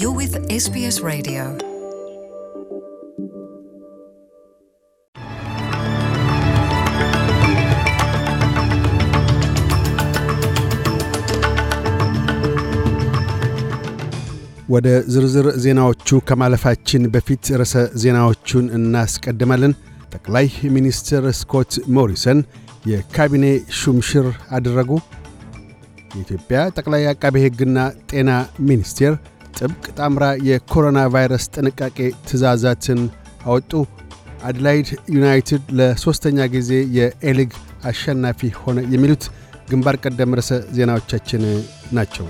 You're with SBS Radio. ወደ ዝርዝር ዜናዎቹ ከማለፋችን በፊት ርዕሰ ዜናዎቹን እናስቀድማለን። ጠቅላይ ሚኒስትር ስኮት ሞሪሰን የካቢኔ ሹምሽር አደረጉ። የኢትዮጵያ ጠቅላይ አቃቤ ሕግና ጤና ሚኒስቴር ጥብቅ ጣምራ የኮሮና ቫይረስ ጥንቃቄ ትእዛዛትን አወጡ። አድላይድ ዩናይትድ ለሦስተኛ ጊዜ የኤሊግ አሸናፊ ሆነ። የሚሉት ግንባር ቀደም ርዕሰ ዜናዎቻችን ናቸው።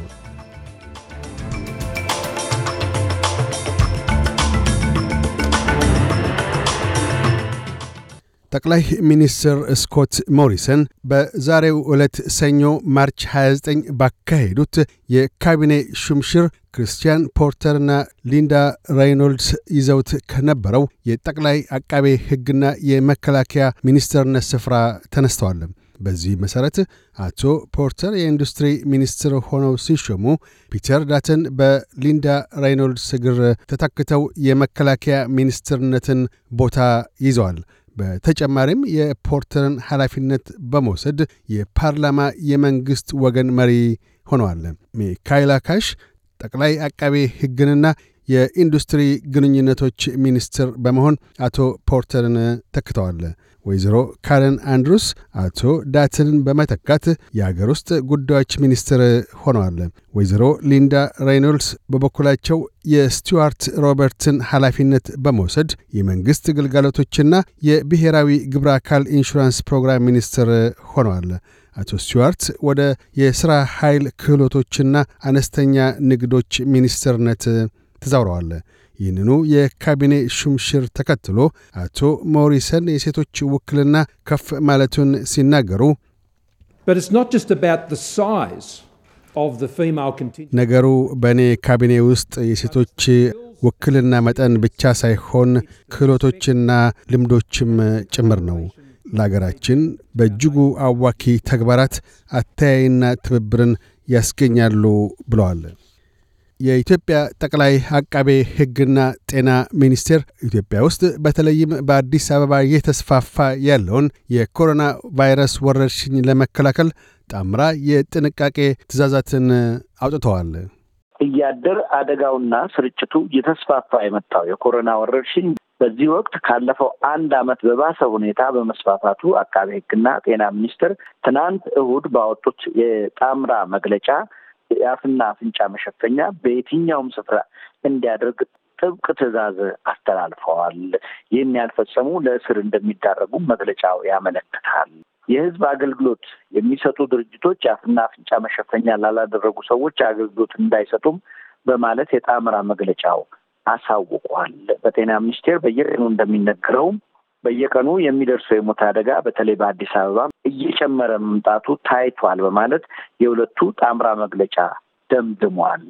ጠቅላይ ሚኒስትር ስኮት ሞሪሰን በዛሬው ዕለት ሰኞ ማርች 29 ባካሄዱት የካቢኔ ሹምሽር ክርስቲያን ፖርተርና ሊንዳ ራይኖልድስ ይዘውት ከነበረው የጠቅላይ አቃቤ ሕግና የመከላከያ ሚኒስትርነት ስፍራ ተነስተዋል። በዚህ መሠረት አቶ ፖርተር የኢንዱስትሪ ሚኒስትር ሆነው ሲሾሙ ፒተር ዳተን በሊንዳ ራይኖልድስ እግር ተተክተው የመከላከያ ሚኒስትርነትን ቦታ ይዘዋል። በተጨማሪም የፖርተርን ኃላፊነት በመውሰድ የፓርላማ የመንግሥት ወገን መሪ ሆነዋል። ሚካኤላ ካሽ ጠቅላይ አቃቤ ሕግንና የኢንዱስትሪ ግንኙነቶች ሚኒስትር በመሆን አቶ ፖርተርን ተክተዋል። ወይዘሮ ካረን አንድሩስ አቶ ዳትንን በመተካት የአገር ውስጥ ጉዳዮች ሚኒስትር ሆነዋል። ወይዘሮ ሊንዳ ሬይኖልድስ በበኩላቸው የስቲዋርት ሮበርትን ኃላፊነት በመውሰድ የመንግሥት ግልጋሎቶችና የብሔራዊ ግብረ አካል ኢንሹራንስ ፕሮግራም ሚኒስትር ሆነዋል። አቶ ስቲዋርት ወደ የሥራ ኃይል ክህሎቶችና አነስተኛ ንግዶች ሚኒስትርነት ተዛውረዋል። ይህንኑ የካቢኔ ሹምሽር ተከትሎ አቶ ሞሪሰን የሴቶች ውክልና ከፍ ማለቱን ሲናገሩ ነገሩ በእኔ ካቢኔ ውስጥ የሴቶች ውክልና መጠን ብቻ ሳይሆን ክህሎቶችና ልምዶችም ጭምር ነው። ለአገራችን በእጅጉ አዋኪ ተግባራት አተያይና ትብብርን ያስገኛሉ ብለዋል። የኢትዮጵያ ጠቅላይ አቃቤ ሕግና ጤና ሚኒስቴር ኢትዮጵያ ውስጥ በተለይም በአዲስ አበባ እየተስፋፋ ያለውን የኮሮና ቫይረስ ወረርሽኝ ለመከላከል ጣምራ የጥንቃቄ ትዕዛዛትን አውጥተዋል። እያደር አደጋውና ስርጭቱ እየተስፋፋ የመጣው የኮሮና ወረርሽኝ በዚህ ወቅት ካለፈው አንድ አመት በባሰ ሁኔታ በመስፋፋቱ አቃቤ ሕግና ጤና ሚኒስቴር ትናንት እሁድ ባወጡት የጣምራ መግለጫ የአፍና አፍንጫ መሸፈኛ በየትኛውም ስፍራ እንዲያደርግ ጥብቅ ትዕዛዝ አስተላልፈዋል። ይህን ያልፈጸሙ ለእስር እንደሚዳረጉ መግለጫው ያመለክታል። የሕዝብ አገልግሎት የሚሰጡ ድርጅቶች የአፍና አፍንጫ መሸፈኛ ላላደረጉ ሰዎች አገልግሎት እንዳይሰጡም በማለት የጣምራ መግለጫው አሳውቋል። በጤና ሚኒስቴር በየቀኑ እንደሚነገረውም በየቀኑ የሚደርሰው የሞት አደጋ በተለይ በአዲስ አበባ እየጨመረ መምጣቱ ታይቷል በማለት የሁለቱ ጣምራ መግለጫ ደምድሟል።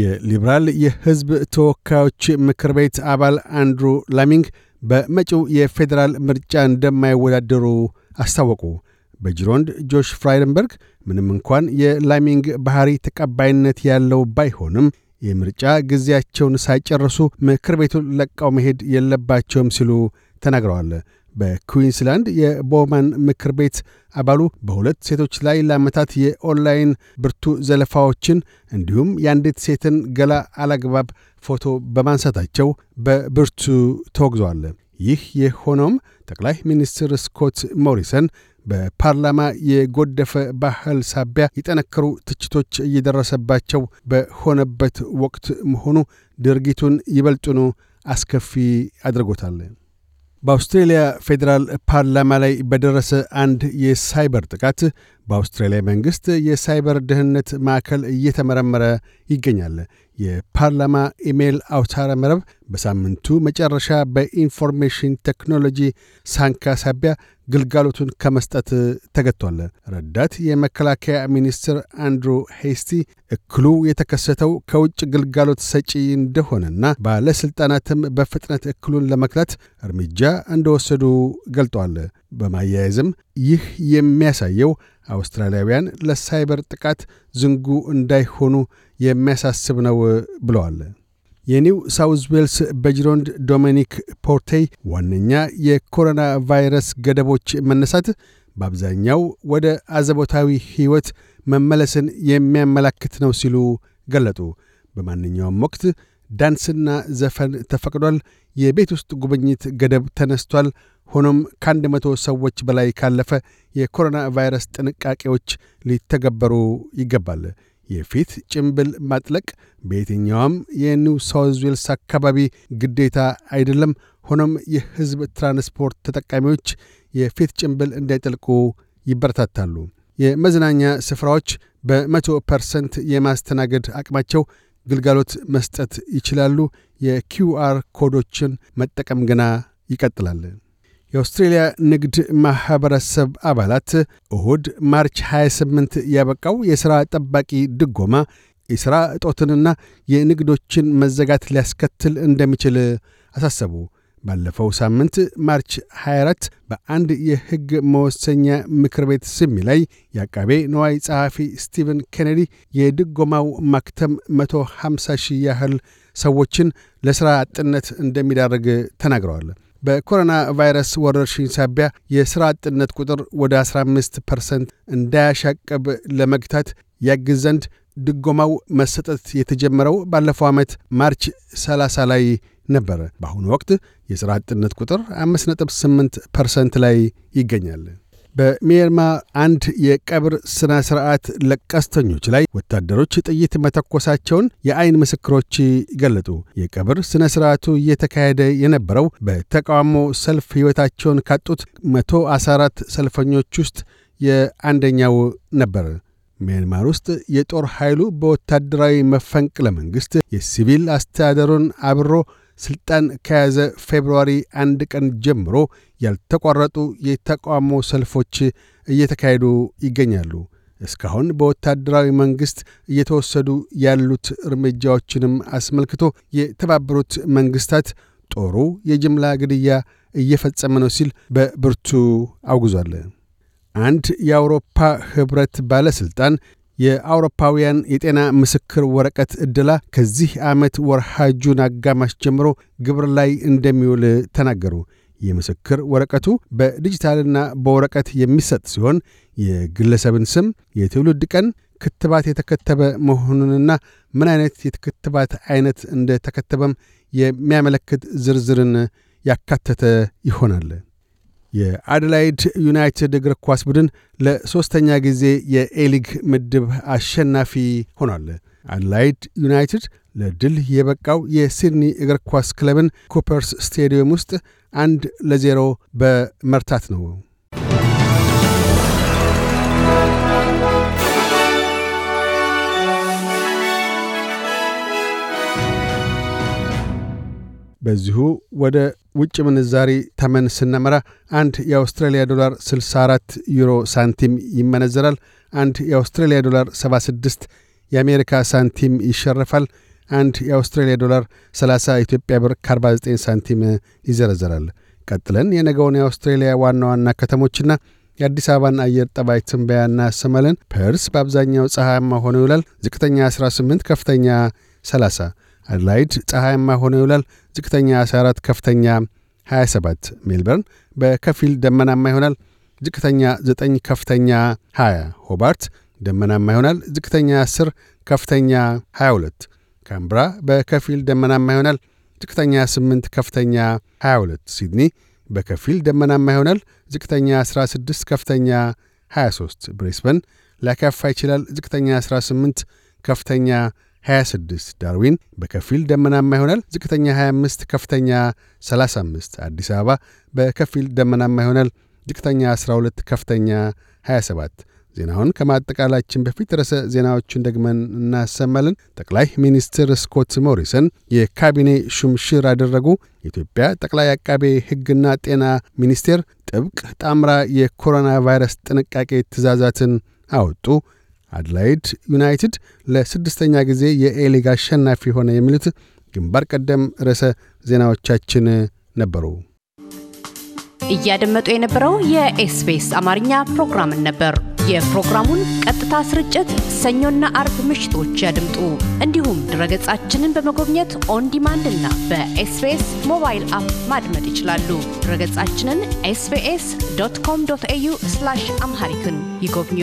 የሊበራል የሕዝብ ተወካዮች ምክር ቤት አባል አንድሩ ላሚንግ በመጪው የፌዴራል ምርጫ እንደማይወዳደሩ አስታወቁ። በጅሮንድ ጆሽ ፍራይደንበርግ ምንም እንኳን የላሚንግ ባህሪ ተቀባይነት ያለው ባይሆንም የምርጫ ጊዜያቸውን ሳይጨርሱ ምክር ቤቱን ለቀው መሄድ የለባቸውም ሲሉ ተናግረዋል። በኩዊንስላንድ የቦማን ምክር ቤት አባሉ በሁለት ሴቶች ላይ ለዓመታት የኦንላይን ብርቱ ዘለፋዎችን እንዲሁም የአንዲት ሴትን ገላ አላግባብ ፎቶ በማንሳታቸው በብርቱ ተወግዟል። ይህ የሆነውም ጠቅላይ ሚኒስትር ስኮት ሞሪሰን በፓርላማ የጎደፈ ባህል ሳቢያ የጠነከሩ ትችቶች እየደረሰባቸው በሆነበት ወቅት መሆኑ ድርጊቱን ይበልጡኑ አስከፊ አድርጎታል። በአውስትሬልያ ፌዴራል ፓርላማ ላይ በደረሰ አንድ የሳይበር ጥቃት በአውስትሬልያ መንግሥት የሳይበር ደህንነት ማዕከል እየተመረመረ ይገኛል። የፓርላማ ኢሜይል አውታረ መረብ በሳምንቱ መጨረሻ በኢንፎርሜሽን ቴክኖሎጂ ሳንካ ሳቢያ ግልጋሎቱን ከመስጠት ተገጥቷል። ረዳት የመከላከያ ሚኒስትር አንድሩ ሄስቲ እክሉ የተከሰተው ከውጭ ግልጋሎት ሰጪ እንደሆነና ባለሥልጣናትም በፍጥነት እክሉን ለመክላት እርምጃ እንደወሰዱ ገልጧል። በማያያዝም ይህ የሚያሳየው አውስትራሊያውያን ለሳይበር ጥቃት ዝንጉ እንዳይሆኑ የሚያሳስብ ነው ብለዋል። የኒው ሳውዝ ዌልስ በጅሮንድ ዶሚኒክ ፖርቴይ ዋነኛ የኮሮና ቫይረስ ገደቦች መነሳት በአብዛኛው ወደ አዘቦታዊ ሕይወት መመለስን የሚያመላክት ነው ሲሉ ገለጡ። በማንኛውም ወቅት ዳንስና ዘፈን ተፈቅዷል። የቤት ውስጥ ጉብኝት ገደብ ተነስቷል። ሆኖም ከአንድ መቶ ሰዎች በላይ ካለፈ የኮሮና ቫይረስ ጥንቃቄዎች ሊተገበሩ ይገባል። የፊት ጭንብል ማጥለቅ በየትኛውም የኒው ሳውዝ ዌልስ አካባቢ ግዴታ አይደለም። ሆኖም የሕዝብ ትራንስፖርት ተጠቃሚዎች የፊት ጭንብል እንዳይጠልቁ ይበረታታሉ። የመዝናኛ ስፍራዎች በመቶ ፐርሰንት የማስተናገድ አቅማቸው ግልጋሎት መስጠት ይችላሉ። የኪውአር ኮዶችን መጠቀም ገና ይቀጥላል። የአውስትሬልያ ንግድ ማኅበረሰብ አባላት እሁድ ማርች 28 ያበቃው የሥራ ጠባቂ ድጎማ የሥራ እጦትንና የንግዶችን መዘጋት ሊያስከትል እንደሚችል አሳሰቡ። ባለፈው ሳምንት ማርች 24 በአንድ የሕግ መወሰኛ ምክር ቤት ስሚ ላይ የአቃቤ ነዋይ ጸሐፊ ስቲቨን ኬኔዲ የድጎማው ማክተም 150 ሺህ ያህል ሰዎችን ለሥራ አጥነት እንደሚዳርግ ተናግረዋል። በኮሮና ቫይረስ ወረርሽኝ ሳቢያ የሥራ አጥነት ቁጥር ወደ 15 ፐርሰንት እንዳያሻቀብ ለመግታት ያግዝ ዘንድ ድጎማው መሰጠት የተጀመረው ባለፈው ዓመት ማርች 30 ላይ ነበር። በአሁኑ ወቅት የሥራ አጥነት ቁጥር 5.8 ፐርሰንት ላይ ይገኛል። በሚያንማር አንድ የቀብር ሥነ ሥርዓት ለቀስተኞች ላይ ወታደሮች ጥይት መተኮሳቸውን የአይን ምስክሮች ገለጡ። የቀብር ሥነ ሥርዓቱ እየተካሄደ የነበረው በተቃውሞ ሰልፍ ሕይወታቸውን ካጡት 114 ሰልፈኞች ውስጥ የአንደኛው ነበር። ሚያንማር ውስጥ የጦር ኃይሉ በወታደራዊ መፈንቅለ መንግሥት የሲቪል አስተዳደሩን አብሮ ስልጣን ከያዘ ፌብርዋሪ አንድ ቀን ጀምሮ ያልተቋረጡ የተቃውሞ ሰልፎች እየተካሄዱ ይገኛሉ። እስካሁን በወታደራዊ መንግሥት እየተወሰዱ ያሉት እርምጃዎችንም አስመልክቶ የተባበሩት መንግሥታት ጦሩ የጅምላ ግድያ እየፈጸመ ነው ሲል በብርቱ አውግዟል። አንድ የአውሮፓ ኅብረት ባለሥልጣን የአውሮፓውያን የጤና ምስክር ወረቀት ዕድላ ከዚህ ዓመት ወርሃ ጁን አጋማሽ ጀምሮ ግብር ላይ እንደሚውል ተናገሩ። የምስክር ወረቀቱ በዲጂታልና በወረቀት የሚሰጥ ሲሆን የግለሰብን ስም፣ የትውልድ ቀን፣ ክትባት የተከተበ መሆኑንና ምን አይነት የክትባት አይነት እንደተከተበም የሚያመለክት ዝርዝርን ያካተተ ይሆናል። የአደላይድ ዩናይትድ እግር ኳስ ቡድን ለሦስተኛ ጊዜ የኤሊግ ምድብ አሸናፊ ሆኗል። አደላይድ ዩናይትድ ለድል የበቃው የሲድኒ እግር ኳስ ክለብን ኩፐርስ ስቴዲየም ውስጥ አንድ ለዜሮ በመርታት ነው። በዚሁ ወደ ውጭ ምንዛሪ ተመን ስናመራ አንድ የአውስትራሊያ ዶላር 64 ዩሮ ሳንቲም ይመነዘራል። አንድ የአውስትራሊያ ዶላር 76 የአሜሪካ ሳንቲም ይሸርፋል። አንድ የአውስትራሊያ ዶላር 30 ኢትዮጵያ ብር ከ49 ሳንቲም ይዘረዘራል። ቀጥለን የነገውን የአውስትሬሊያ ዋና ዋና ከተሞችና የአዲስ አበባን አየር ጠባይ ትንበያ እናሰማለን። ፐርስ በአብዛኛው ፀሐያማ ሆኖ ይውላል። ዝቅተኛ 18፣ ከፍተኛ 30 አድላይድ ፀሐያማ ሆኖ ይውላል። ዝቅተኛ 14፣ ከፍተኛ 27። ሜልበርን በከፊል ደመናማ ይሆናል። ዝቅተኛ 9፣ ከፍተኛ 20። ሆባርት ደመናማ ይሆናል። ዝቅተኛ 10፣ ከፍተኛ 22። ካምብራ በከፊል ደመናማ ይሆናል። ዝቅተኛ 8፣ ከፍተኛ 22። ሲድኒ በከፊል ደመናማ ይሆናል። ዝቅተኛ 16፣ ከፍተኛ 23። ብሬስበን ሊያካፋ ይችላል። ዝቅተኛ 18፣ ከፍተኛ 26 ዳርዊን በከፊል ደመናማ ይሆናል። ዝቅተኛ 25፣ ከፍተኛ 35። አዲስ አበባ በከፊል ደመናማ ይሆናል። ዝቅተኛ 12፣ ከፍተኛ 27። ዜናውን ከማጠቃላችን በፊት ርዕሰ ዜናዎችን ደግመን እናሰማለን። ጠቅላይ ሚኒስትር ስኮት ሞሪሰን የካቢኔ ሹምሽር አደረጉ። የኢትዮጵያ ጠቅላይ አቃቤ ሕግና ጤና ሚኒስቴር ጥብቅ ጣምራ የኮሮና ቫይረስ ጥንቃቄ ትእዛዛትን አወጡ። አድላይድ ዩናይትድ ለስድስተኛ ጊዜ የኤሊግ አሸናፊ ሆነ። የሚሉት ግንባር ቀደም ርዕሰ ዜናዎቻችን ነበሩ። እያደመጡ የነበረው የኤስቢኤስ አማርኛ ፕሮግራምን ነበር። የፕሮግራሙን ቀጥታ ስርጭት ሰኞና አርብ ምሽቶች ያድምጡ። እንዲሁም ድረገጻችንን በመጎብኘት ኦን ዲማንድ እና በኤስቢኤስ ሞባይል አፕ ማድመጥ ይችላሉ። ድረገጻችንን ኤስቢኤስ ዶት ኮም ዶት ኤዩ አምሃሪክን ይጎብኙ።